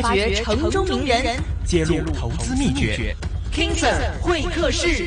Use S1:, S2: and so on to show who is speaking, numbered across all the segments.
S1: 發掘城中名人，人，
S2: 揭露投資秘訣。
S1: King Sir 會客室。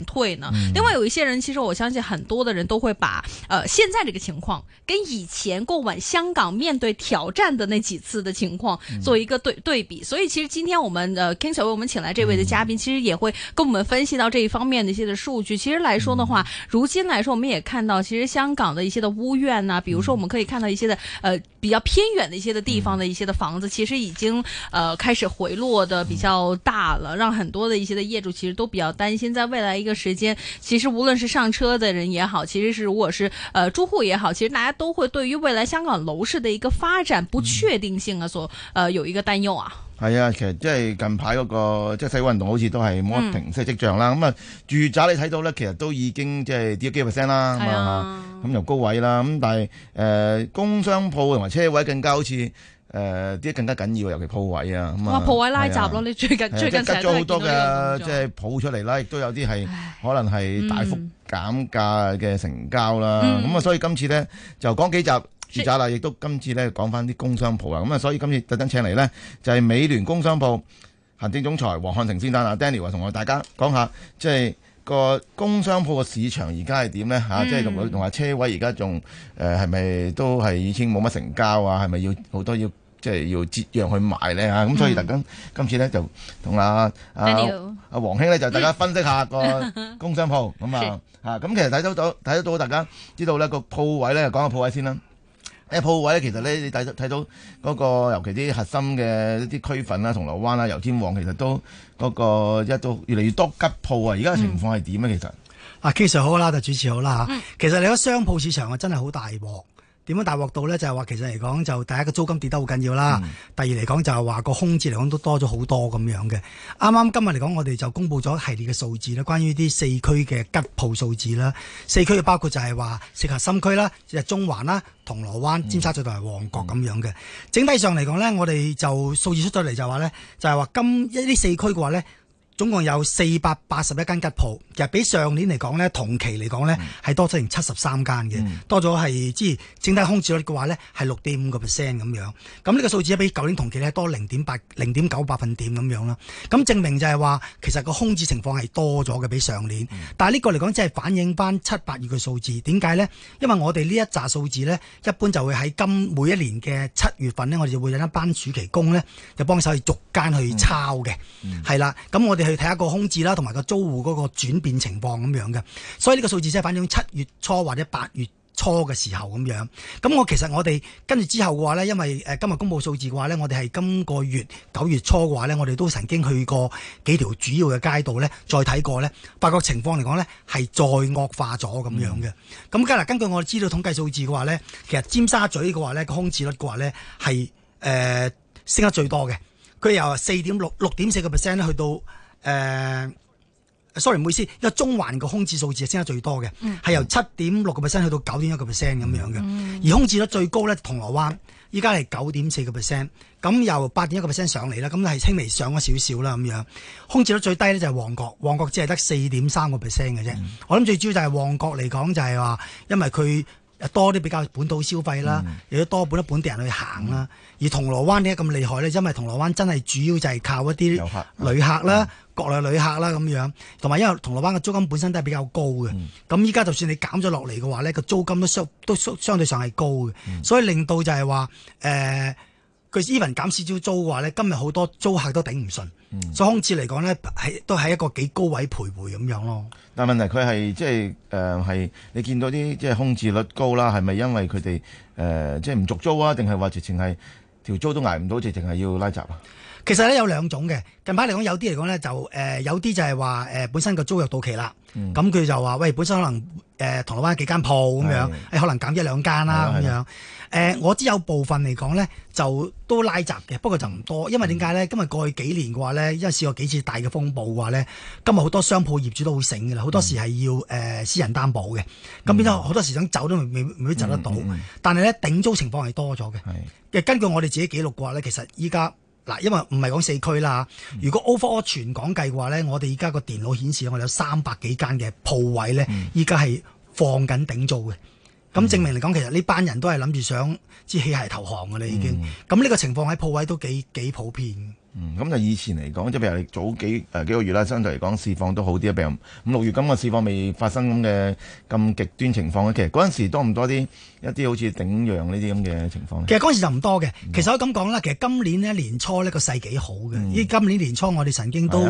S1: 退呢？另外有一些人，其實我相信很多的人都會把呃現在這個情況跟以前過往香港面對挑戰的那幾次的情況做、嗯、一個對對比。所以其實今天我們呃 King Sir 會客室我們請來這位的嘉賓、嗯，其實也會跟我們分析到這一方面的一些的數據。其實來說的話，嗯、如今來說我們也看到，其實香港的一些的屋苑呐、啊，比如說我們可以看到一些的呃比較偏遠的一些的地方的、嗯、一些的房子，其實已經呃開始回落的比較大了、嗯，讓很多的一些的業主其實都比較擔心，在未來一個。時間其實無論是上車的人也好，其實是如果是，呃，租戶也好，其實大家都會對於未來香港樓市的一個發展不確定性啊，所、嗯，呃，有一個擔憂啊。
S3: 係啊、 嗯，其實即係近排嗰、那個即係、就是、洗運動，好似都係冇乜停息跡象啦。咁、嗯、啊、嗯 嗯，住宅你睇到咧，其實都已經即係跌咗幾 percent 啦，咁、哎、啊、嗯，咁、嗯嗯、由高位啦，咁但係，誒、呃，工商鋪同埋車位更加好似。誒、呃、啲更加緊要，尤其鋪位啊！哇，鋪位拉閘咯，你最近、啊、最近成好多嘅，即係鋪出嚟啦，亦都有啲係、嗯、可能係大幅減價嘅成交啦。咁、嗯、啊，所以今次咧就講幾集住宅啦，亦都今次咧講翻啲工商鋪啊。咁啊，所以今次特登請嚟咧就係、是、美聯工商鋪行政總裁黃漢成先生啊 Danny 話同我大家講下，即係個工商鋪嘅市場而家係點咧？嚇、嗯啊，即係同埋車位而家仲誒係咪都係以前冇乜成交啊？係咪要好多要？即係要折讓去買咧，咁，所以特登，今次咧就同阿阿阿黃兄咧就大家分析下個工商鋪咁、嗯、 啊咁、啊、其實睇到睇睇得到大家知道呢個鋪位咧，講下鋪位先啦。誒鋪位呢其實咧，你睇睇到嗰、那個尤其啲核心嘅一啲區份啦、啊，銅鑼灣啦、啊、油尖旺其實都嗰、那個一到越嚟越多吉鋪啊！而家情況係點咧？其實
S2: 啊、嗯，King Sir 好啦，就主持好啦，其實你講商鋪市場啊，真係好大鑊。點樣大獲到咧？就係話其實嚟講，就第一個租金跌得好緊要啦。第二嚟講，就係話個空置嚟講都多咗好多咁樣嘅。啱啱今日嚟講，我哋就公布咗一系列嘅數字啦，關於啲四區嘅吉鋪數字啦。四區嘅包括就係話四核心區啦、即係中環啦、銅鑼灣、尖沙咀同埋旺角咁樣嘅。整體上嚟講咧，我哋就數字出咗嚟就，就話咧，就係話今一啲四區嘅話咧。總共有四百八十一間吉鋪，其實比上年嚟講咧，同期嚟講咧，係、mm. 多咗成七十三間嘅，mm. 多咗係即係整體空置率嘅話咧，係六點五個 percent 咁樣。咁呢個數字咧，比舊年同期咧多零點八、零點九百分點咁樣啦。咁證明就係話其實個空置情況係多咗嘅比上年。Mm. 但係呢個嚟講，即係反映翻七八月嘅數字。點解咧？因為我哋呢一紮數字咧，一般就會喺今每一年嘅七月份咧，我哋就會引一班暑期工咧，就幫手去逐間去抄嘅。係、mm. 啦、mm.，咁我哋。睇下個空置啦，同埋個租戶嗰個轉變情況咁樣嘅，所以呢個數字即係反映七月初或者八月初嘅時候咁樣。咁我其實我哋跟住之後嘅話咧，因為誒今日公布數字嘅話咧，我哋係今個月九月初嘅話咧，我哋都曾經去過幾條主要嘅街道咧，情況再睇過咧，發覺情況嚟講咧係再惡化咗咁樣嘅。咁跟根據我哋資料統計數字嘅話咧，其實尖沙咀嘅話咧個空置率嘅話咧係誒升得最多嘅，佢由四點六、六點四個 percent 去到。誒、呃、sorry 唔好意思，因為中環個空置數字，係升得最多嘅，係、嗯、由七點六個 percent 去到九點一個 percent 咁樣嘅、嗯。而空置率最高咧，銅鑼灣依家係九點四個 percent，咁由八點一個 percent 上嚟啦，咁係輕微上咗少少啦咁樣。空置率最低呢，就係、是、旺角，旺角只係得四點三個 percent 嘅啫。我諗最主要就係旺角嚟講就係話，因為佢多啲比較本土消費啦，亦、嗯、都多本本地人去行啦、嗯。而銅鑼灣點解咁厲害呢？因為銅鑼灣真係主要就係靠一啲旅客啦。嗯嗯國內旅客啦咁樣，同埋因為銅鑼灣嘅租金本身都係比較高嘅，咁依家就算你減咗落嚟嘅話咧，個租金都相都相相對上係高嘅、嗯，所以令到就係、呃、話誒，佢 even 減少少租嘅話咧，今日好多租客都頂唔順，所以空置嚟講咧都係一個幾高位徘徊咁樣咯。
S3: 但問題佢係即係誒係你見到啲即係空置率高啦，係咪因為佢哋誒即係唔續租啊，定係話直情係條租都挨唔到，直情係要拉閘啊？
S2: 其實咧有兩種嘅，近排嚟講有啲嚟講呢，就誒、呃、有啲就係話誒本身個租約到期啦，咁、嗯、佢就話喂本身可能誒銅鑼灣幾間鋪咁樣、呃，可能減一兩間啦咁樣。誒、呃、我知有部分嚟講呢，就都拉閘嘅，不過就唔多，因為點解呢？嗯、今日過去幾年嘅話呢，因為試過幾次大嘅風暴嘅話呢，今日好多商鋪業主都會醒㗎啦，好多時係要誒、呃、私人擔保嘅，咁、嗯、變咗好多時想走都未未走得到。嗯嗯，但係呢，頂租情況係多咗
S3: 嘅，
S2: 根據我哋自己記錄嘅話呢，其實依家。嗱，因為唔係講四區啦。如果 over 全港計嘅話咧，我哋而家個電腦顯示我哋有三百幾間嘅鋪位咧，依家係放緊頂租嘅。咁證明嚟講，其實呢班人都係諗住想棄械投降㗎啦。已經咁呢個情況喺鋪位都幾幾普遍。
S3: 嗯，咁就以前嚟講，即係譬如早幾誒、呃、幾個月啦，相對嚟講市況都好啲啊，譬如五六月咁嘅市況未發生咁嘅咁極端情況咧，其實嗰陣時多唔多啲一啲好似頂讓呢啲咁嘅情況？其實嗰陣
S2: 時就唔多嘅，其實可以咁講啦。其實今年呢年初呢個勢幾好嘅，而、嗯、今年年初我哋曾經都。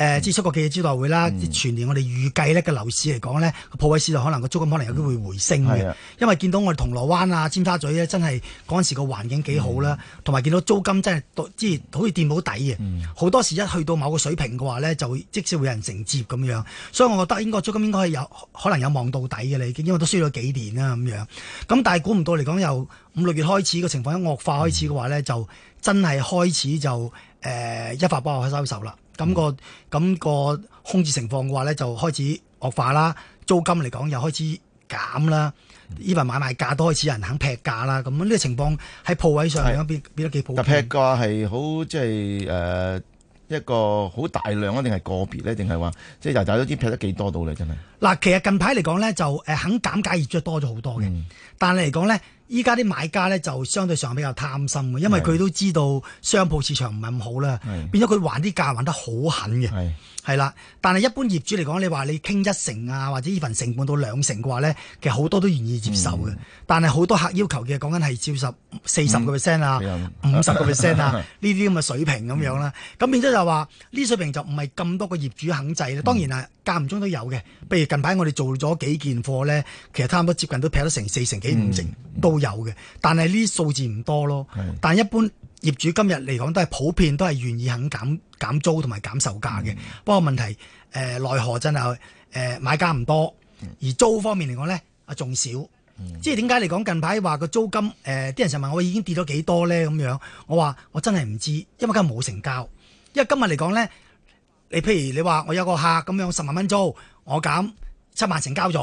S2: 誒、嗯，知出國記者招待會啦、嗯。全年我哋預計呢個樓市嚟講呢、嗯、個鋪位市道可能個租金可能有機會回升嘅。嗯、因為見到我哋銅鑼灣啊、尖沙咀咧，真係嗰陣時個環境幾好啦，同、嗯、埋見到租金真係，即係好似跌冇底嘅。好多時一去到某個水平嘅話呢，就即使會有人承接咁樣。所以我覺得應該租金應該係有可能有望到底嘅你，因為都輸咗幾年啦咁樣。咁但係估唔到嚟講，由五六月開始個情況一惡化開始嘅話呢、嗯，就真係開始就誒、呃、一發不可收拾啦。咁個咁個空置情況嘅話咧，就開始惡化啦；租金嚟講又開始減啦；even 買賣價都開始有人肯劈價啦。咁呢個情況喺鋪位上邊變得幾普遍。劈
S3: 價係好即係一個好大量啊，定係個別咧？定係話即係就睇都啲劈得幾多到咧？真係
S2: 嗱，其實近排嚟講咧，就肯減價熱著多咗好多嘅，但係嚟講咧。依家啲買家咧，就相對上比較貪心嘅，因為佢都知道商鋪市場唔係咁好啦，變咗佢還啲價還得好狠嘅，係啦。但係一般業主嚟講，你話你傾一成啊，或者依份成半到兩成嘅話咧，其實好多都願意接受嘅。嗯、但係好多客要求嘅講緊係照十、四十個 percent 啊、五十個 percent 啊呢啲咁嘅水平咁樣啦。咁、嗯、變咗就話呢水平就唔係咁多個業主肯制啦。當然啊，間唔中都有嘅。譬如近排我哋做咗幾件貨咧，其實差唔多接近都劈咗成四成幾五成都。嗯到有嘅，但係呢啲數字唔多咯。但一般業主今日嚟講都係普遍都係願意肯減減租同埋減售價嘅，嗯。不過問題誒，奈、呃、何真係誒、呃、買家唔多，而租方面嚟講咧，啊仲少。嗯，即係點解嚟講？近排話個租金誒，啲、呃、人成日問我已經跌咗幾多咧？咁樣我話我真係唔知，因為今日冇成交。因為今日嚟講咧，你譬如你話我有個客咁樣十萬蚊租，我減。七萬成交咗，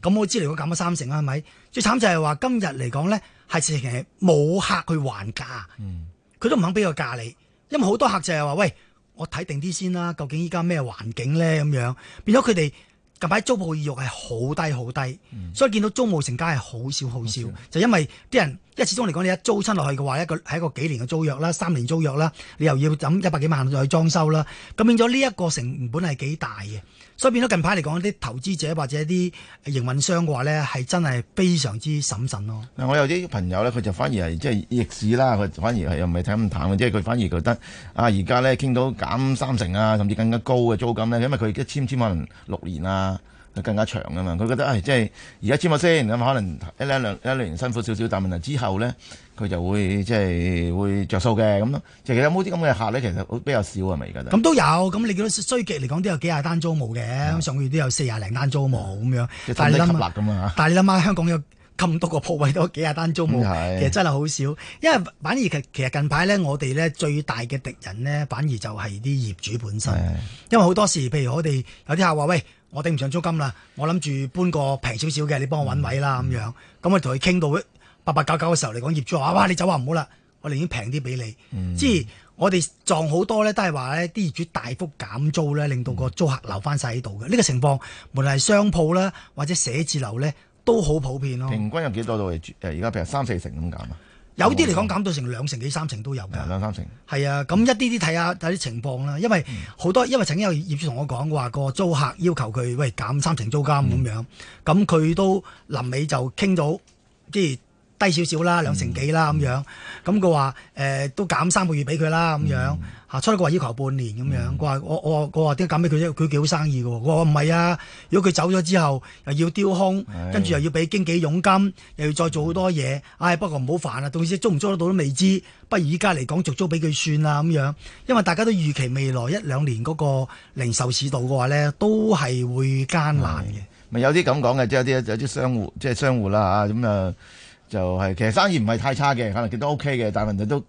S2: 咁、嗯、我知嚟講減咗三成啦，係咪？最慘就係話今日嚟講咧，係其實冇客去還價，佢、嗯、都唔肯俾個價你，因為好多客就係話喂，我睇定啲先啦，究竟依家咩環境咧咁樣？變咗佢哋近排租鋪意欲係好低好低、嗯，所以見到租務成交係好少好少，就因為啲人。因為始終嚟講，你一租親落去嘅話，一個係一個幾年嘅租約啦，三年租約啦，你又要揼一百幾萬再去裝修啦，咁變咗呢一個成本係幾大嘅，所以變咗近排嚟講，啲投資者或者啲營運商嘅話呢，係真係非常之審慎咯。
S3: 嗱，我有啲朋友呢，佢就反而係即係逆市啦，佢反而係又唔係睇咁淡嘅，即係佢反而覺得啊，而家呢，傾到減三成啊，甚至更加高嘅租金呢，因為佢一簽，簽可能六年啦、啊，佢更加長啊嘛，佢覺得誒、哎，即係而家簽埋先咁，可能一兩一年辛苦少少，但問題之後呢，佢就會即係會着數嘅咁咯。其實有冇啲咁嘅客咧？其實比較少係咪？而家都咁
S2: 都有。咁你講衰極嚟講都有幾廿單租務嘅，上個月都有四廿零單租務咁樣。即咁但係你諗下，香港有咁多個鋪位，都幾廿單租務，其實真係好少。因為反而其其實近排呢，我哋呢最大嘅敵人呢，反而就係啲業主本身，因為好多時譬如我哋有啲客話喂，我頂唔上租金啦，我諗住搬個平少少嘅，你幫我搵位啦咁、嗯嗯、樣。咁我同佢傾到八八九九嘅時候嚟講，業主話：哇，你走話唔好啦，我寧願平啲俾你。即、嗯、係我哋撞好多咧，都係話咧啲業主大幅減租咧，令到個租客留翻晒喺度嘅。呢、嗯個情況無論係商鋪啦，或者寫字樓咧，都好普遍咯。
S3: 平均有幾多度？誒，而家譬如三四成咁減啊。
S2: 有啲嚟講減到成兩成幾三成都有嘅，
S3: 兩三成。
S2: 係啊，咁一啲啲睇下睇啲情況啦，因為好多、嗯、因為曾經有業主同我講過話個租客要求佢喂減三成租金咁、嗯、樣，咁佢都臨尾就傾到即係。低少少啦，兩成幾啦咁樣，咁佢話誒都減三個月俾佢啦咁樣。吓、嗯、初頭話要求半年咁、嗯、樣，佢話我我話點解減俾佢啫？佢幾好生意噶。佢話唔係啊，如果佢走咗之後又要丟空，跟住又要俾經紀佣金，又要再做好多嘢、嗯，唉，不過唔好煩啦，到時租唔租得到都未知，不如而家嚟講續租俾佢算啦咁樣，因為大家都預期未來一兩年嗰個零售市道嘅話咧，都係會艱難嘅。
S3: 咪有啲咁講嘅，即係有啲有啲商戶，即係商戶啦吓，咁啊。就係、是、其實生意唔係太差嘅，可能佢都 OK 嘅，但係問題都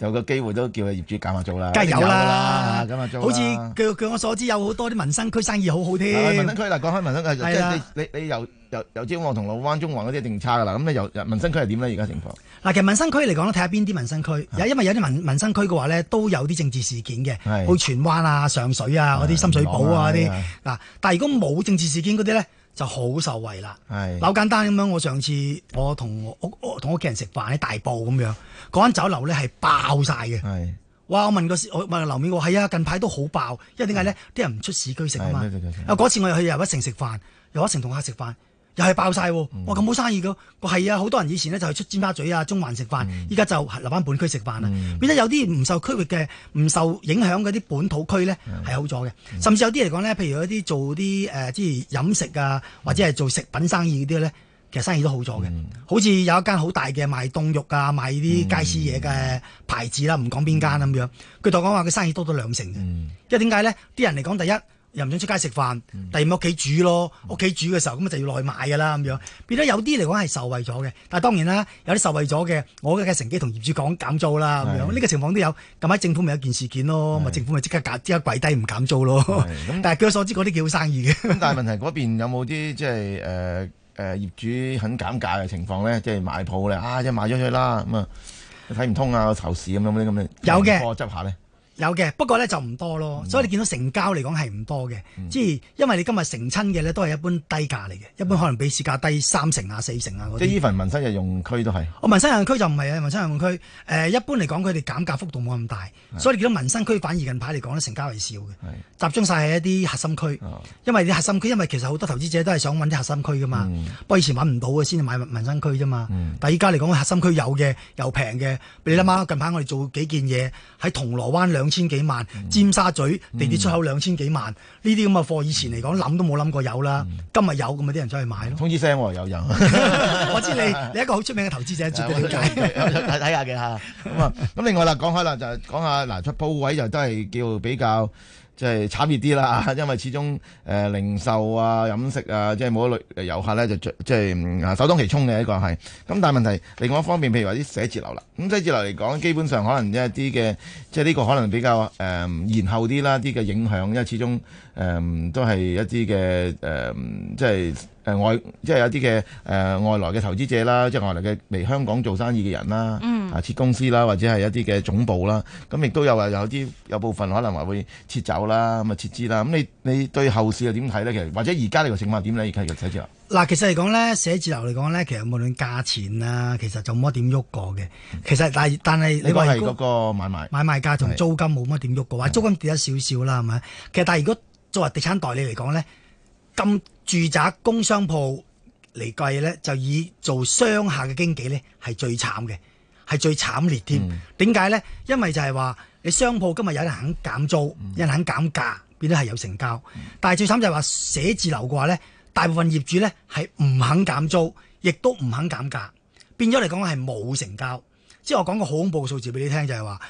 S3: 有個機會都叫佢業主減下租啦。梗係有啦，減下
S2: 租。好似據我所知，有好多啲民生區生意好好啲、啊。民生區嗱，講開民生即你
S3: 你你由由由旺同老灣中環嗰啲一定差噶啦。咁你由民生區係點呢？而家情況
S2: 嗱，其實民生區嚟講睇下邊啲民生區，因為有啲民民生區嘅話呢，都有啲政治事件嘅，去荃灣啊、上水啊嗰啲深水埗啊嗰啲嗱，但如果冇政治事件嗰啲咧。就好受惠啦。好是的 簡單咁樣，我上次我同屋同屋企人食飯喺大埔咁樣嗰間酒樓咧係爆晒嘅。是的 哇！我問個我問樓面我係啊，近排都好爆，因為點解咧？啲是的 人唔出市區食啊嘛。啊！嗰次我又去又一城食飯，又一城同客食飯。又係爆晒喎，咁好生意嘅，我係啊！好多人以前呢就係出尖沙咀啊、中環食飯，依、嗯、家就留翻本區食飯啦、嗯。變咗有啲唔受區域嘅、唔受影響嗰啲本土區呢，係、嗯、好咗嘅、嗯，甚至有啲嚟講呢，譬如有啲做啲誒，即、呃、係飲食啊，或者係做食品生意嗰啲呢，其實生意都好咗嘅、嗯。好似有一間好大嘅賣凍肉啊、賣啲街市嘢嘅牌子啦，唔講邊間咁樣，佢代講話佢生意多咗兩成嘅、嗯。因為點解呢？啲人嚟講，第一。又唔想出街食飯，突然屋企煮咯，屋企煮嘅時候咁啊就要落去買噶啦咁樣，變咗有啲嚟講係受惠咗嘅，但係當然啦，有啲受惠咗嘅，我嘅成幾同業主講減租啦咁樣，呢個情況都有。近排政府咪有件事件咯，咪政府咪即刻即刻跪低唔減租咯。但係據我所知，嗰啲幾好生意嘅。
S3: 但係問題嗰邊有冇啲即係誒誒業主肯減價嘅情況咧？即係賣鋪咧啊，即係賣咗出啦咁啊，睇唔通啊，有樓市咁樣咁樣，樣，有嘅。執下咧。
S2: 有嘅，不過咧就唔多咯、嗯，所以你見到成交嚟講係唔多嘅，即、嗯、係因為你今日成親嘅咧都係一般低價嚟嘅、嗯，一般可能比市價低三成啊四成啊嗰啲。即係依份
S3: 民生日用區都係。
S2: 我、哦、民生日用區就唔係啊，民生日用區誒、呃、一般嚟講佢哋減價幅度冇咁大，所以你見到民生區反而近排嚟講咧成交係少嘅，集中晒喺一啲核、哦、核心區，因為啲核心區因為其實好多投資者都係想搵啲核心區噶嘛，不、嗯、過以前揾唔到嘅先至買民生區啫嘛、嗯，但係依家嚟講核心區有嘅又平嘅，你諗下、嗯、近排我哋做幾件嘢喺銅鑼灣兩千幾萬、嗯，尖沙咀地鐵出口兩千幾萬，呢啲咁嘅貨以前嚟講諗都冇諗過有啦、嗯，今日有咁啊啲人出去買咯。通知聲，有有。 我知你你一個好出名嘅投資者，絕對了解，睇睇下嘅吓。咁啊，
S3: 咁 另外啦，講開啦，就講下嗱，出鋪位就都係叫比較。即係慘熱啲啦，因為始終誒、呃、零售啊、飲食啊，即係冇一類遊客咧就即即係、嗯、首當其衝嘅一個係。咁但係問題另外一方面，譬如話啲寫字樓啦，咁、嗯、寫字樓嚟講，基本上可能一啲嘅即係呢個可能比較誒、呃、延後啲啦，啲嘅影響，因為始終、呃、都係一啲嘅誒即係外、呃、即係有啲嘅誒外來嘅投資者啦，即係外來嘅嚟香港做生意嘅人啦。嗯啊！設公司啦，或者係一啲嘅總部啦，咁亦都有話有啲有部分可能話會撤走啦，咁啊撤資啦。咁你你對後市又點睇呢？其實或者而家呢個情況點咧？而家嘅寫字樓
S2: 嗱，其實嚟講咧，寫字樓嚟講咧，其實無論價錢啊，其實就冇乜點喐過嘅。其實但係但係你話嗰
S3: 個買賣
S2: 買賣價同租金冇乜點喐過，話租金跌咗少少啦，係咪？其實但係如果作為地產代理嚟講咧，咁住宅、工商鋪嚟計咧，就以做商廈嘅經紀咧係最慘嘅。係最慘烈添，點解呢？因為就係話你商鋪今日有人肯減租、嗯，有人肯減價，變咗係有成交。但係最慘就係話寫字樓嘅話呢，大部分業主呢係唔肯減租，亦都唔肯減價，變咗嚟講係冇成交。即係我講個好恐怖嘅數字俾你聽，就係話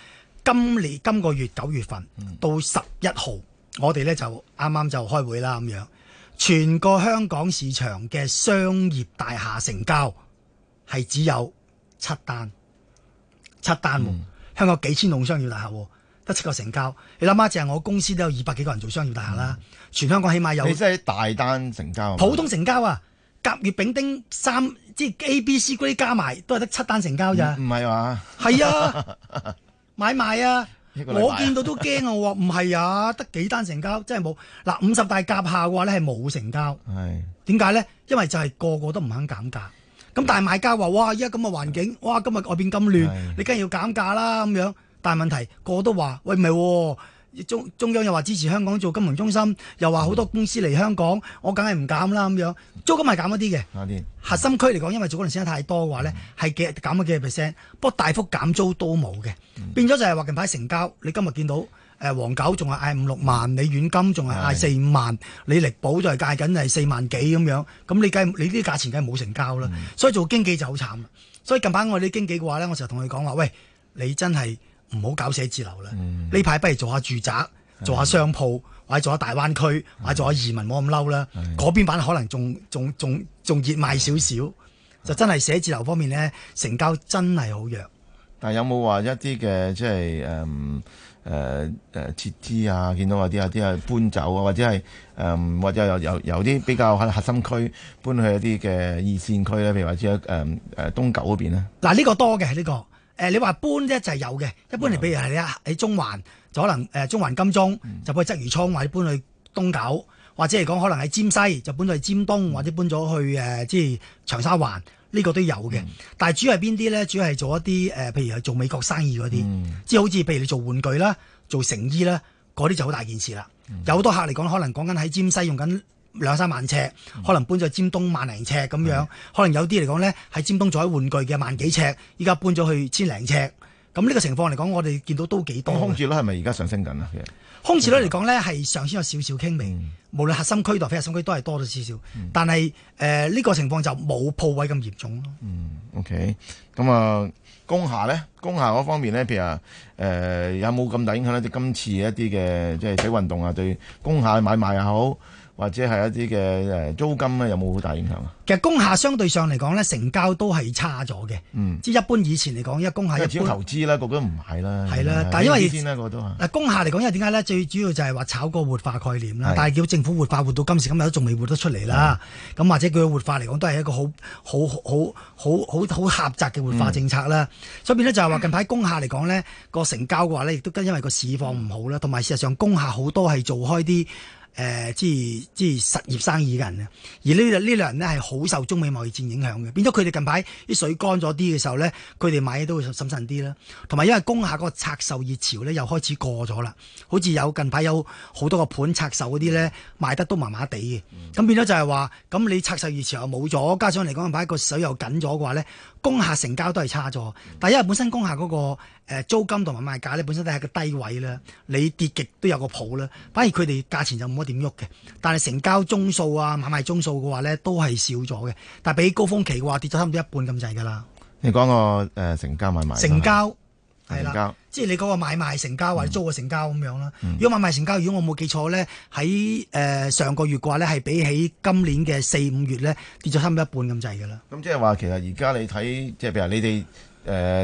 S2: 今年今個月九月份到十一號，我哋呢就啱啱就開會啦，咁樣全個香港市場嘅商業大廈成交係只有七單。七單、嗯、香港幾千棟商業大廈喎，得七個成交。你諗下，淨係我公司都有二百幾個人做商業大廈啦、嗯，全香港起碼有。你真係
S3: 大單成交啊？普通
S2: 成交啊，甲、乙、丙、丁三，即係 A、B、C、啲加埋都係得七單成交咋？
S3: 唔係話係啊，
S2: 買賣啊， 我見到都驚啊！喎，唔係呀，得幾單成交真係冇。嗱，五十大甲下嘅話咧係冇成交。
S3: 係
S2: 點解咧？因為就係個個都唔肯減價。咁大買家話：，哇！依家咁嘅環境，哇！今日外邊咁亂，你梗係要減價啦咁樣。但係問題個個都話：，喂，唔係，中中央又話支持香港做金融中心，又話好多公司嚟香港，嗯、我梗係唔減啦咁樣。租金係減咗啲嘅，核心區嚟講，因為做嗰輪升太多嘅話咧，係、嗯、減咗幾 percent，不過大幅減租都冇嘅，變咗就係話近排成交，你今日見到。誒黃狗仲係嗌五六萬，嗯、你遠金仲係嗌四五萬，你力保就係介緊係四萬幾咁樣，咁你計你啲價錢梗係冇成交啦、嗯。所以做經紀就好慘。所以近排我哋啲經紀嘅話咧，我成日同佢講話，喂，你真係唔好搞寫字樓啦。呢、嗯、排不如做下住宅，做下商鋪，或者做下大灣區，或者做下移民，冇咁嬲啦。嗰邊版可能仲仲仲仲熱賣少少，就真係寫字樓方面咧，成交真係好弱。
S3: 但有冇話一啲嘅即係誒？嗯誒、呃、誒，撤資啊，見到有啲有啲係搬走啊，或者係誒、呃，或者有有有啲比較核心區搬去一啲嘅二線區咧，譬如話即係誒東九嗰邊咧。嗱、
S2: 啊、呢、這個多嘅呢、這個，誒、呃、你話搬呢就係有嘅，一般嚟比如係你喺中環就可能誒、呃、中環金鐘、嗯、就去鰂魚湧，或者搬去東九，或者係講可能喺尖西就搬去尖東，或者搬咗去誒即係長沙灣。呢、這個都有嘅，但係主要係邊啲咧？主要係做一啲誒、呃，譬如係做美國生意嗰啲，即係好似譬如你做玩具啦、做成衣啦，嗰啲就好大件事啦、嗯。有好多客嚟講，可能講緊喺尖西用緊兩三萬尺、嗯，可能搬咗尖東萬零尺咁樣。可能有啲嚟講咧，喺尖東做啲玩具嘅萬幾尺，依家搬咗去千零尺。咁、這、呢個情況嚟講，我哋見到都幾多。空置率係咪而家上升緊啊？其實空置率嚟講咧，係上升咗少少輕微、嗯、無論核心區同非核心區都係多咗少少，但係呢、呃這個情況就冇舖位咁嚴重咯。嗯，OK
S3: 嗯。咁啊，工廈咧，工廈嗰方面咧，譬如啊、呃，有冇咁大影響咧？今次一啲嘅即係體運動啊，對工廈買賣又好。或者係一啲嘅租金咧，有冇好大影響
S2: 啊？其實工廈相對上嚟講咧，成交都係差咗嘅。嗯，即一般以前嚟講，因為工廈一般投
S3: 資啦，個都唔係啦。係啦，但因為嗱
S2: 工廈嚟講，因為點解咧？最主要就係話炒個活化概念啦。但係叫政府活化活到今時今日，都仲未活得出嚟啦。咁或者叫活化嚟講，都係一個好好好好好好狹窄嘅活化政策啦。嗯、所以呢，就係話近排工廈嚟講呢，個、嗯、成交嘅話呢，亦都因因為個市況唔好啦，同、嗯、埋事實上工廈好多係做開啲。誒、呃，即係即係實業生意嘅人，而呢呢兩類人咧係好受中美貿易戰影響嘅。變咗佢哋近排啲水乾咗啲嘅時候呢，佢哋買嘢都會審慎啲啦。同埋因為工廈個拆售熱潮呢又開始過咗啦，好似有近排有好多個盤拆售嗰啲呢，賣得都麻麻地嘅。咁變咗就係話，咁你拆售熱潮又冇咗，加上嚟講近排個水又緊咗嘅話呢。工客成交都係差咗，但係因為本身工客嗰個租金同埋賣價咧，本身都係個低位啦，你跌極都有個譜啦。反而佢哋價錢就冇乜點喐嘅，但係成交宗數啊、買賣宗數嘅話咧，都係少咗嘅。但係比高峰期嘅話，跌咗差唔多一半咁滯㗎啦。
S3: 你講個、呃、成交買賣成交。
S2: 係啦，即係你嗰個買賣，賣成交或者租個成交咁、嗯、樣啦。如果買賣，賣成交，如果我冇記錯咧，喺誒、呃、上個月嘅話咧，係比起今年嘅四五月咧跌咗差唔多一半咁滯噶啦。
S3: 咁即係話，其實而家你睇，即係譬如你哋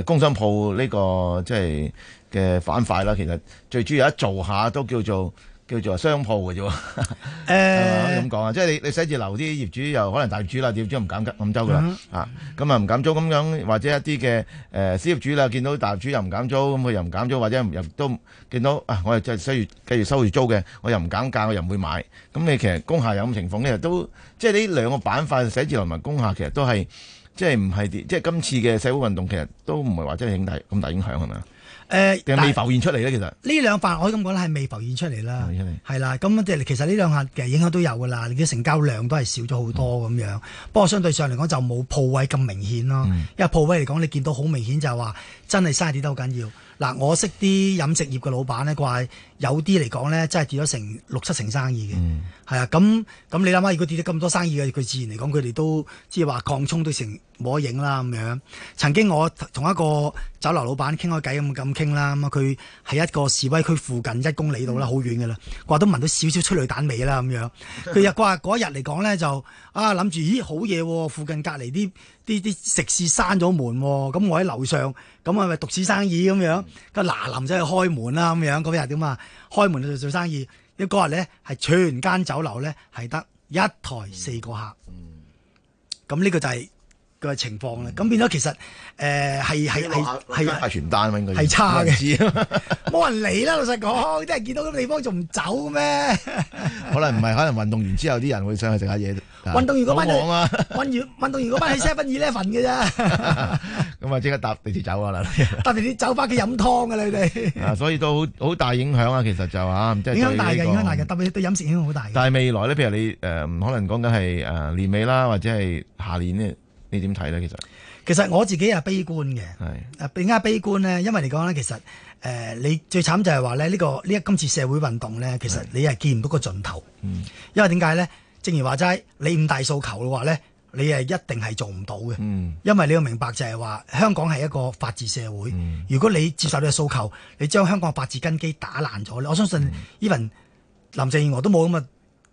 S3: 誒工商鋪呢個即係嘅板塊啦，其實最主要做一做下都叫做。叫做商鋪嘅啫喎，咁講啊，即係你你寫字樓啲業主又可能大業主啦，業主唔減唔減租㗎啦，啊咁啊唔減租咁樣，或者一啲嘅誒私業主啦，見到大業主又唔減租，咁佢又唔減租，或者又都見到啊，我又即係收住繼續收住租嘅，我又唔減價，我又唔會買。咁你其實工廈有咁情況呢？都即係呢兩個板塊寫字樓同埋工廈，其實都係即係唔係即係今次嘅社會運動其實都唔係話真係影大咁大影響係咪啊？誒、呃，未浮現出嚟咧，其實
S2: 呢兩份，我咁講咧係未浮現出嚟啦。係啦，咁即係其實呢兩下其實影響都有噶啦，你嘅成交量都係少咗好多咁、嗯、樣。不過相對上嚟講就冇鋪位咁明顯咯、嗯，因為鋪位嚟講你見到好明顯就話真係嘥跌得好緊要。嗱，我識啲飲食業嘅老闆呢，怪有啲嚟講呢，真係跌咗成六七成生意嘅，係、嗯、啊，咁咁你諗下，如果跌咗咁多生意嘅，佢自然嚟講，佢哋都即係話擴充都成冇影啦咁樣。曾經我同一個酒樓老闆傾開偈咁咁傾啦，咁啊佢喺一個示威區附近一公里度啦，好、嗯、遠嘅啦，怪都聞到少少催淚彈味啦咁樣。佢又話嗰日嚟講呢，就啊諗住，咦好嘢喎、啊，附近隔離啲啲啲食肆閂咗門喎、啊，咁我喺樓上。咁啊，咪獨子生意咁樣，咁嗱林仔去開門啦咁樣，嗰日點啊？開門去做生意，因為嗰日咧係全間酒樓咧係得一台四個客。嗯，咁、嗯、呢個就係、是。個情況咁變咗其實誒係係係係派
S3: 傳單應該係差嘅，
S2: 冇人理 啦。老實講，即係見到個地方仲唔走咩？
S3: 可能唔係，可能運動完之後啲人會上去食下嘢。運動員嗰班，啊、 運
S2: 動運動員嗰班係 Seven Eleven 嘅啫。
S3: 咁啊，即 刻搭地鐵走啊！啦
S2: 搭地鐵走翻去飲湯㗎啦，你哋
S3: 所以都好好大影響啊！其實就嚇、是，影響大嘅、這個，影響
S2: 大嘅，對對飲食影響好大
S3: 響。但係未來咧，譬如你誒、呃，可能講緊係誒年尾啦，或者係下年呢你點睇咧？其實
S2: 其實我自己係，悲觀嘅，啊更加悲觀呢。因為嚟講咧，其實誒、呃、你最慘就係話咧，呢、這個呢一今次社會運動咧，其實你係見唔到個盡頭，嗯、因為點解咧？正如話齋，你五大訴求嘅話咧，你係一定係做唔到嘅、嗯，因為你要明白就係話香港係一個法治社會，嗯、如果你接受你嘅訴求，你將香港嘅法治根基打爛咗咧，我相信 even、嗯、林鄭月娥都冇咁啊！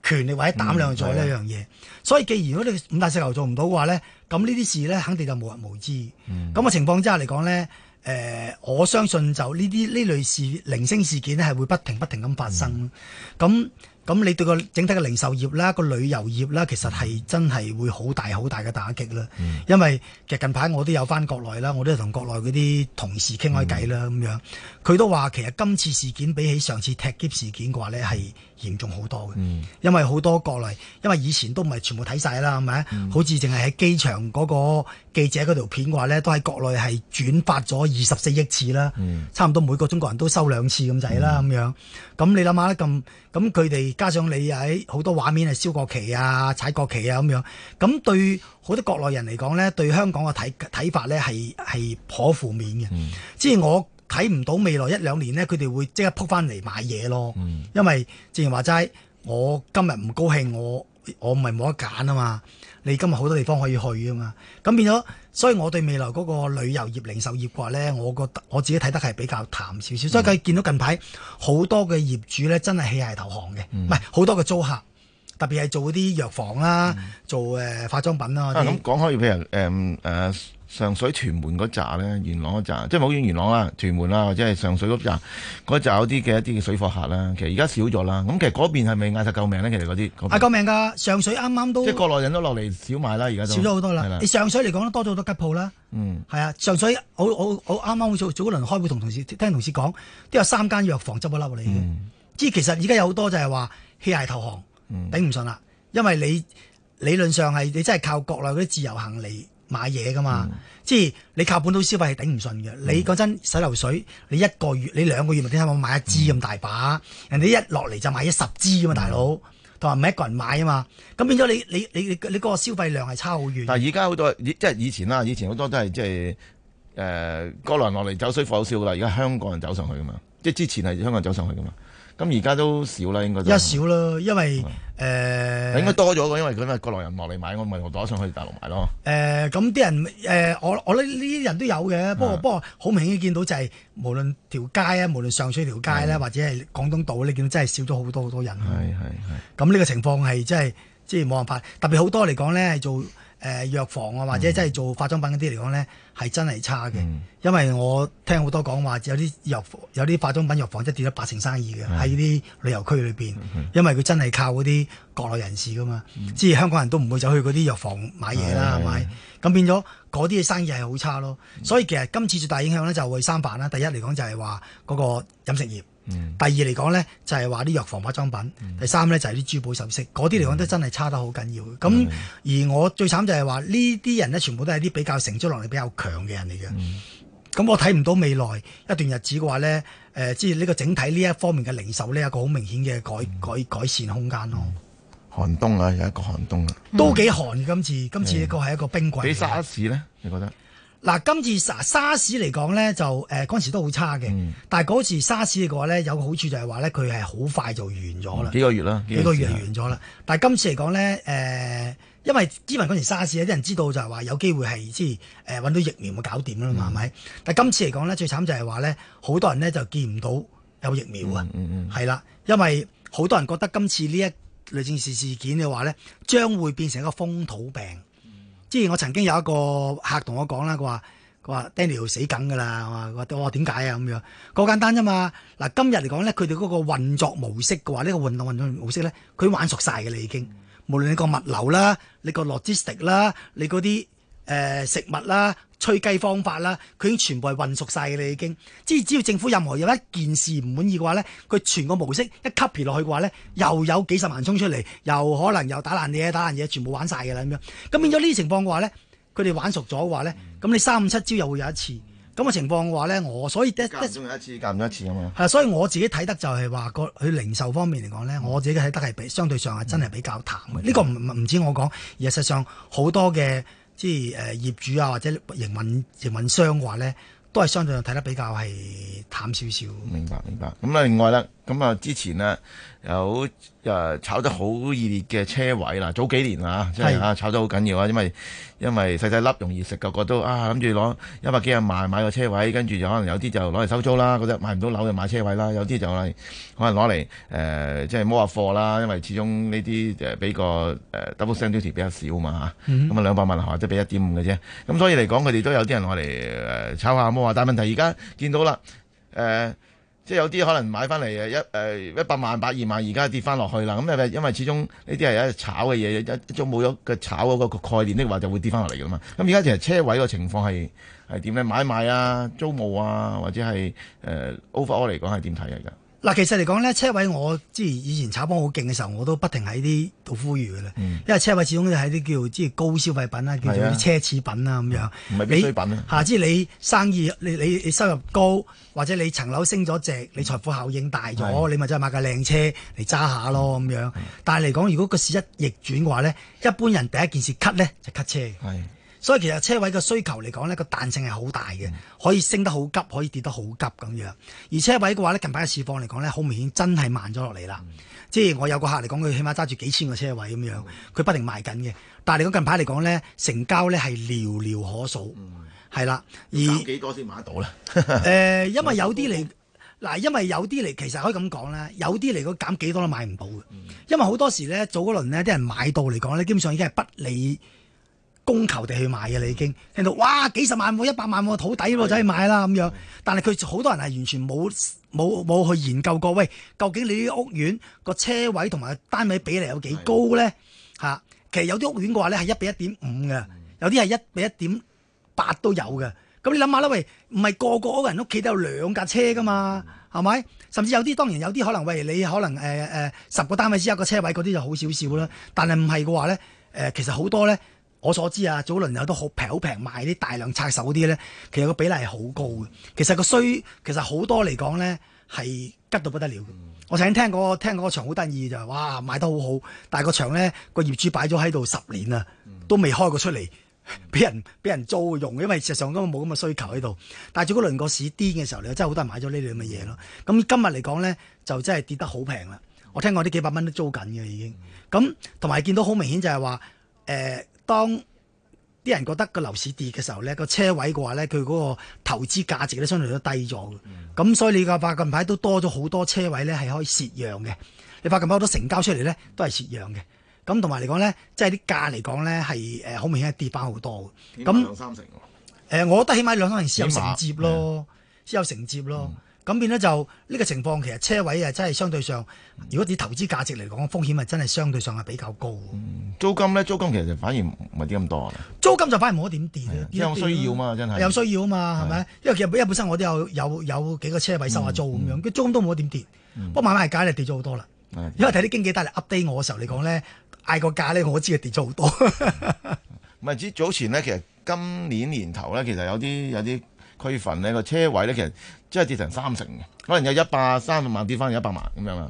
S2: 權力或者膽量做呢一樣嘢，所以既然如果呢五大石油做唔到嘅話咧，咁呢啲事咧肯定就無人無知。咁、嗯、嘅、個、情況之下嚟講咧，誒、呃，我相信就呢啲呢類事零星事件咧係會不停不停咁發生。咁、嗯、咁你對個整體嘅零售業啦、個旅遊業啦，其實係真係會好大好大嘅打擊啦、嗯。因為其實近排我都有翻國內啦，我都同國內嗰啲同事傾開偈啦咁樣，佢都話其實今次事件比起上次踢劫事件嘅話咧係，嚴重好多嘅，因為好多國內，因為以前都唔係全部睇晒啦，係咪、嗯？好似淨係喺機場嗰個記者嗰條片嘅話咧，都喺國內係轉發咗二十四億次啦、嗯，差唔多每個中國人都收兩次咁滯啦，咁、嗯、樣。咁你諗下咧，咁咁佢哋加上你喺好多畫面係燒國旗啊、踩國旗啊咁樣，咁對好多國內人嚟講咧，對香港嘅睇睇法咧係係頗負面嘅，即、嗯、係我。睇唔到未來一兩年呢，佢哋會即刻撲翻嚟買嘢咯、嗯。因為正如話齋，我今日唔高興，我我咪冇得揀啊嘛。你今日好多地方可以去啊嘛。咁變咗，所以我對未來嗰個旅遊業、零售業嘅話咧，我覺得我自己睇得係比較淡少少、嗯。所以佢見到近排好多嘅業主咧，真係棄械投降嘅，唔係好多嘅租客，特別係做啲藥房啦，嗯、做誒、呃、化妝品啦。啊，咁
S3: 講開，譬如誒誒上水屯門嗰扎咧，元朗嗰扎，即係冇遠元朗啦，屯門啦，或者係上水嗰扎，嗰扎有啲嘅一啲嘅水貨客啦。其實而家少咗啦。咁其實嗰邊係咪嗌晒救命咧？其實嗰啲嗌救
S2: 命噶。上水啱啱都即係國
S3: 內人都落嚟少買啦，而家少咗好多啦。你上
S2: 水嚟講多咗好多吉鋪啦。嗯，係啊，上水好好好啱啱早早嗰輪開會同同事聽同事講，都有三間藥房執咗笠你嘅。即、嗯、係其實而家有好多就係話棄械投降，頂唔順啦，因為你理論上係你真係靠國內嗰啲自由行嚟。買嘢㗎嘛，嗯、即係你靠本土消費係頂唔順嘅。你嗰陣洗流水，你一個月、你兩個月咪睇下有冇買一支咁大把。嗯、人哋一落嚟就買咗十支㗎嘛，大佬，同埋唔係一個人買啊嘛。咁變咗你你你你你嗰個消費量係差好遠。但係而家好多，
S3: 即係以前啦，以前好多都係即係誒國內落嚟走水火燒㗎。而家香港人走上去㗎嘛，即係之前係香港人走上去㗎嘛。咁而家都少啦，應該都一
S2: 少啦，因為誒、okay. 呃，應該
S3: 多咗喎，因為佢因為國內人落嚟買，我咪攞上去大陸買咯。
S2: 誒、呃，咁啲人誒、呃，我我咧呢啲人都有嘅，不過不過好明顯見到就係、是、無論條街啊，無論上水條街咧，或者係廣東道，你見到真係少咗好多好多人。係係係。咁呢個情況係真係即係冇辦法，特別好多嚟講咧係做。誒、呃、藥房啊，或者真係做化妝品嗰啲嚟講呢，係、嗯、真係差嘅。因為我聽好多講話，有啲藥房有啲化妝品藥房真係跌咗八成生意嘅，喺呢啲旅遊區裏面，因為佢真係靠嗰啲國內人士噶嘛，嗯嗯即係香港人都唔會走去嗰啲藥房買嘢啦，咪、嗯？咁變咗嗰啲嘅生意係好差咯。所以其實今次最大影響呢，就係三板啦、啊。第一嚟講就係話嗰個飲食業。嗯、第二嚟講咧，就係話啲藥房化妝品，嗯、第三咧就係啲珠寶首飾，嗰啲嚟講都真係差得好緊要咁、嗯、而我最慘就係話呢啲人呢，全部都係啲比較承租能力比較強嘅人嚟嘅。咁、嗯、我睇唔到未來一段日子嘅話咧，誒、呃，即係呢個整體呢一方面嘅零售呢有個好明顯嘅改、嗯、改改善空間咯、嗯。
S3: 寒冬啊，有一個寒冬啊，嗯、
S2: 都幾寒嘅今次。嗯、今次呢個係一個冰櫃。幾時呢？
S3: 你覺得？
S2: 嗱、啊，今次沙沙士嚟講咧，就誒嗰陣時都好差嘅、嗯，但嗰時沙士嘅話咧，有個好處就係話咧，佢係好快就完咗啦、嗯。幾個月啦，幾個月，幾個月就完咗啦、嗯。但今次嚟講咧，誒、呃，因為之前嗰陣時沙士啲人知道就係話有機會係即係誒揾到疫苗會搞掂啦嘛，係、嗯、咪？但今次嚟講咧，最慘就係話咧，好多人咧就見唔到有疫苗啊，係、嗯、啦、嗯嗯，因為好多人覺得今次呢一類件事事件嘅話咧，將會變成一個風土病。之前我曾經有一個客同我講啦，佢話佢話 Daniel 死梗噶啦，我話我點點解啊咁樣？好簡單啫嘛。嗱，今日嚟講咧，佢哋嗰個運作模式嘅話呢個運動運作模式咧，佢玩熟晒嘅你已經。無論你個物流啦，你個 logistic 啦，你嗰啲。誒食物啦、啊、吹雞方法啦、啊，佢已經全部係混熟晒嘅你已經。即係只要政府任何有一件事唔滿意嘅話咧，佢全個模式一 copy 落去嘅話咧，又有幾十萬衝出嚟，又可能又打爛嘢、打爛嘢，全部玩晒嘅啦咁樣。咁變咗呢啲情況嘅話咧，佢哋玩熟咗嘅話咧，咁、嗯、你三五七招又會有一次咁嘅、這個、情況嘅話咧，我所以得得仲
S3: 有一次，減咗一次咁樣。
S2: 係啊，所以我自己睇得就係話佢零售方面嚟講咧，我自己睇得係比相對上係真係比較淡嘅。呢、嗯這個唔唔唔止我講，而係實上好多嘅。即係呃，業主啊，或者營運營運商嘅話呢，都係相對上睇得比較係淡少少。明白明白。
S3: 咁另外呢，咁啊！之前呢，有誒炒得好熱烈嘅車位啦，早幾年啊，即係啊炒得好緊要啊，因為因為細細粒容易食，個個都啊諗住攞一百幾廿萬買，買個車位，跟住就可能有啲就攞嚟收租啦，嗰啲買唔到樓就買車位啦，有啲就可能攞嚟誒即係摸下貨啦，因為始終呢啲誒俾個誒 double stamp duty 比較少嘛，咁啊兩百萬啊，即係俾一點五嘅啫。咁、嗯、所以嚟講，佢哋都有啲人攞嚟、呃、炒下摸下，但係問題而家見到啦誒。呃即係有啲可能買翻嚟一誒、呃、一百萬、百二萬，而家跌翻落去啦。咁因為因為始終呢啲係一炒嘅嘢，一就冇咗個炒嗰個概念的話，就會跌翻落嚟噶嘛。咁而家其實車位個情況係係點咧？買賣啊、租務啊，或者係誒、呃、overall 嚟講係點睇嚟噶？
S2: 嗱，其實嚟講咧，車位我之前以前炒風好勁嘅時候，我都不停喺啲度呼籲嘅咧、嗯。因為車位始終都係啲叫即係高消費品、啊、叫做啲奢侈品、嗯、品啊。咁樣。唔係必需品啊。嚇，即係你生意，你你你收入高，或者你層樓升咗值，你財富效應大咗，你咪真係買架靚車嚟揸下咯咁樣。但係嚟講，如果個市一逆轉嘅話咧，一般人第一件事 cut 咧就 cut 車。係。所以其實車位嘅需求嚟講咧，個彈性係好大嘅，可以升得好急，可以跌得好急咁樣。而車位嘅話咧，近排嘅市況嚟講咧，好明顯真係慢咗落嚟啦。即係我有個客嚟講，佢起碼揸住幾千個車位咁樣，佢、嗯、不停賣緊嘅。但係嚟講近排嚟講咧，成交咧係寥寥可數，係、嗯、啦。而減幾
S3: 多先買得到咧？誒、
S2: 呃，因為有啲嚟嗱，因為有啲嚟其實可以咁講咧，有啲嚟個減幾多都買唔到嘅，因為好多時咧早嗰輪呢啲人買到嚟講咧，基本上已經係不理供求地去買嘅，你已經聽到，哇幾十萬喎、啊、一百萬喎、啊、好抵喎，就去買啦，咁樣。但係佢好多人係完全冇冇冇去研究過，喂，究竟你啲屋苑個車位同埋單位比例有幾高咧？其實有啲屋苑嘅話咧係一比一點五嘅，的有啲係一比一點八都有嘅。咁你諗下啦，喂，唔係個個屋人屋企都有兩架車噶嘛，係咪？甚至有啲當然有啲可能，喂，你可能誒、呃呃、十個單位之一個車位嗰啲就好少少啦。但係唔係嘅話咧、呃，其實好多咧。我所知啊，早輪有都好平，好平賣啲大量拆手啲咧，其實個比例係好高嘅。其實個需其實好多嚟講咧係急到不得了、嗯。我上次聽嗰聽聽個場場好、就是、得意就係哇賣得好好，但係個場咧個業主擺咗喺度十年啦、嗯，都未開過出嚟，俾人俾人租用，因為事實上根本冇咁嘅需求喺度。但係早輪輪個市癲嘅時候咧，真係好多人買咗呢類咁嘅嘢咯。咁今日嚟講咧，就真係跌得好平啦。我聽過啲幾百蚊都租緊嘅已經。咁同埋見到好明顯就係話誒當啲人覺得個樓市跌嘅時候咧，個車位嘅話咧，佢嗰個投資價值咧相對都低咗嘅。咁、嗯、所以你發近排都多咗好多車位咧，係可以蝕讓嘅。你發近排好多成交出嚟咧，都係蝕讓嘅。咁同埋嚟講咧，即係啲價嚟講咧係誒好明顯係跌翻好多嘅。咁兩
S3: 三成喎。
S2: 誒，我覺得起碼兩三成，先有承接咯，先有承接咯。嗯咁變咧就呢、呢個情況，其實車位啊，真係相對上，如果你投資價值嚟講，風險啊，真係相對上係比較高、嗯。
S3: 租金咧，租金其實反而唔係啲咁多。
S2: 租金就反而冇一點跌，因為、就是、有需要嘛，真係有需要啊嘛，係咪？因為其實因本身我都有有有幾個車位收下、啊、租咁樣，佢租金都冇一點跌。嗯、不過買賣價咧跌咗好多啦、嗯，因為睇啲經紀帶嚟 update 我嘅時候嚟講咧，嗌個價咧，我知係跌咗好多。
S3: 唔係之早前呢，其實今年年頭咧，其實有啲有啲。區份呢個車位呢，其實真係跌成三成嘅，可能有一百三十萬跌翻一百萬咁樣啦。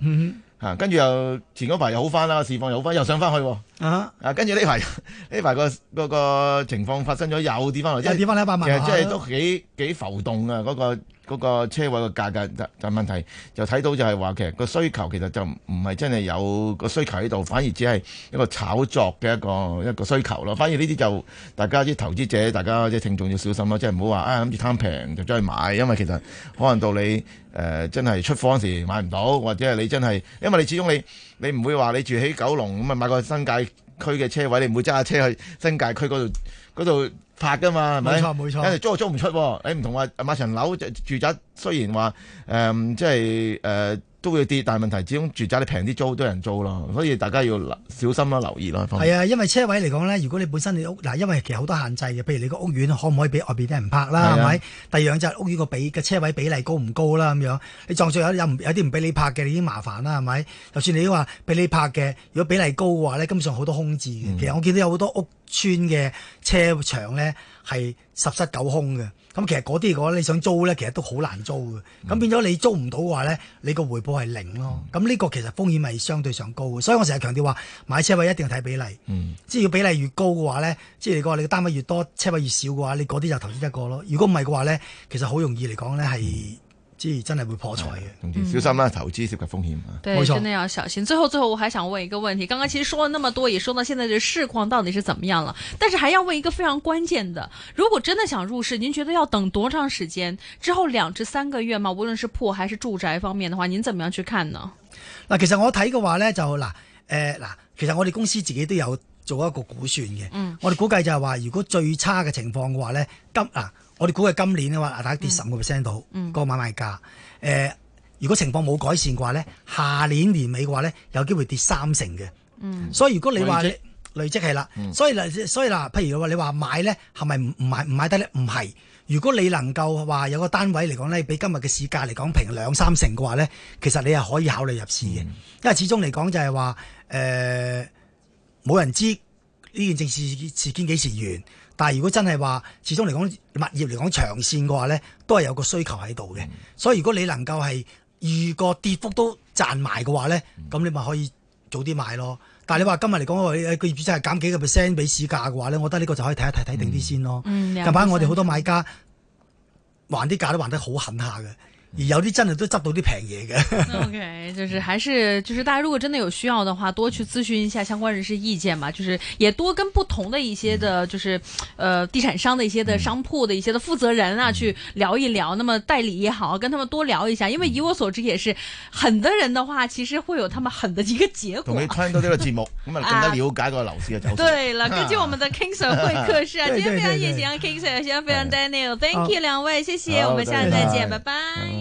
S3: 嚇，跟住又前嗰排又好翻啦，市況又好翻，又上翻去。嚇！啊，跟住呢排呢排個個情況發生咗，又跌翻落，即係跌翻一百萬。其實即係都幾幾浮動啊，嗰、嗰個。嗰個車位嘅價格，就問題就睇到就係話其實個需求其實就唔係真係有個需求喺度，反而只係一個炒作嘅一個一個需求咯。反而呢啲就大家啲投資者，大家即係聽眾要小心咯，即係唔好話啊諗住貪平就再買，因為其實可能到你誒、呃、真係出貨時時買唔到，或者係你真係因為你始終你你唔會話你住喺九龍咁啊買個新界區嘅車位，你唔會揸下車去新界區嗰度。嗰度拍㗎嘛，係咪？因為租又租唔出、啊，你、欸、唔同話、啊、買層樓，就住宅雖然話，誒、呃，即係誒。呃都會啲，但係問題，始終住宅你平啲租，都有人租咯，所以大家要留小心啦，留意啦，係啊，
S2: 因為車位嚟講咧，如果你本身你屋嗱，因為其實好多限制嘅，譬如你個屋苑可唔可以俾外面啲人泊啦，係咪、啊？第二樣就係屋苑個比嘅車位比例高唔高啦，咁樣你撞上有有有啲唔俾你泊嘅，你已經麻煩啦，係咪？就算你話俾你泊嘅，如果比例高嘅話咧，根本上好多空置嘅、嗯。其實我見到有好多屋村嘅車場咧，係十室九空嘅。咁其實嗰啲嘅話，你想租咧，其實都好難租嘅。咁變咗你租唔到嘅話咧，你個回報係零咯。咁呢個其實風險係相對上高嘅。所以我成日強調話，買車位一定要睇比例。嗯，即係要比例越高嘅話咧，即係你個你嘅單位越多，車位越少嘅話，你嗰啲就投資得過咯。如果唔係嘅話咧，其實好容易嚟講咧係。真係會破財嘅，
S3: 小心啦、啊，嗯，投資涉及風險啊。對，真
S1: 係要小心。最後，最後我還想問一個問題，剛剛其實說了那麼多，也說到現在嘅市況到底是怎麼樣了，但是還要問一個非常關鍵的，如果真的想入市，您覺得要等多長時間之後兩至三個月嘛？無論是鋪還是住宅方面的話，您怎麼樣去看呢？
S2: 嗱，其實我睇嘅話呢，就嗱，誒嗱，其實我哋公司自己都有做一個估算嘅、嗯，我哋估計就係話，如果最差嘅情況嘅話呢。今嗱。啊我哋估係今年嘅話大概跌十個 percent 到個買賣價、嗯。誒、嗯，如果情況冇改善嘅話咧，下年年尾嘅話咧，有機會跌三成嘅、嗯。所以如果你話累積係啦，所以累，所以嗱，譬如話你話買咧，係咪唔買唔買得咧？唔係。如果你能夠話有個單位嚟講咧，比今日嘅市價嚟講平兩三成嘅話咧，其實你係可以考慮入市嘅、嗯。因為始終嚟講就係話誒，冇、呃、人知呢件政事事件幾時完。但係如果真係話，始終嚟講物業嚟講長線嘅話咧，都係有個需求喺度嘅。所以如果你能夠係預個跌幅都賺埋嘅話咧，咁你咪可以早啲買咯。但係你話今日嚟講，個業主真係減幾個 percent 俾市價嘅話咧，我覺得呢個就可以睇一睇睇定啲先咯。嗯、近排我哋好多買家還啲價都還得好狠下嘅。有啲真係都執到啲平嘢嘅。
S1: OK，就是還是，就是大家如果真的有需要嘅話，多去諮詢一下相關人士意見嘛。就是也多跟不同的一些的，就是，呃，地產商的一些的商鋪的一些的負責人啊，去聊一聊。那麼代理也好，跟他們多聊一下。因為以我所知，也是很多人的話，其實會有他們狠的一個結果。同你聽到呢
S3: 個節目，咁、 啊、更加了解個樓市啊，就對啦。根據我們的 King Sir 會客
S1: 室啊 對對對對對，今天非常熱行啊，King Sir，喜歡非常 Daniel，Thank you、oh. 兩位，謝謝，oh, 我們下次再見，拜拜。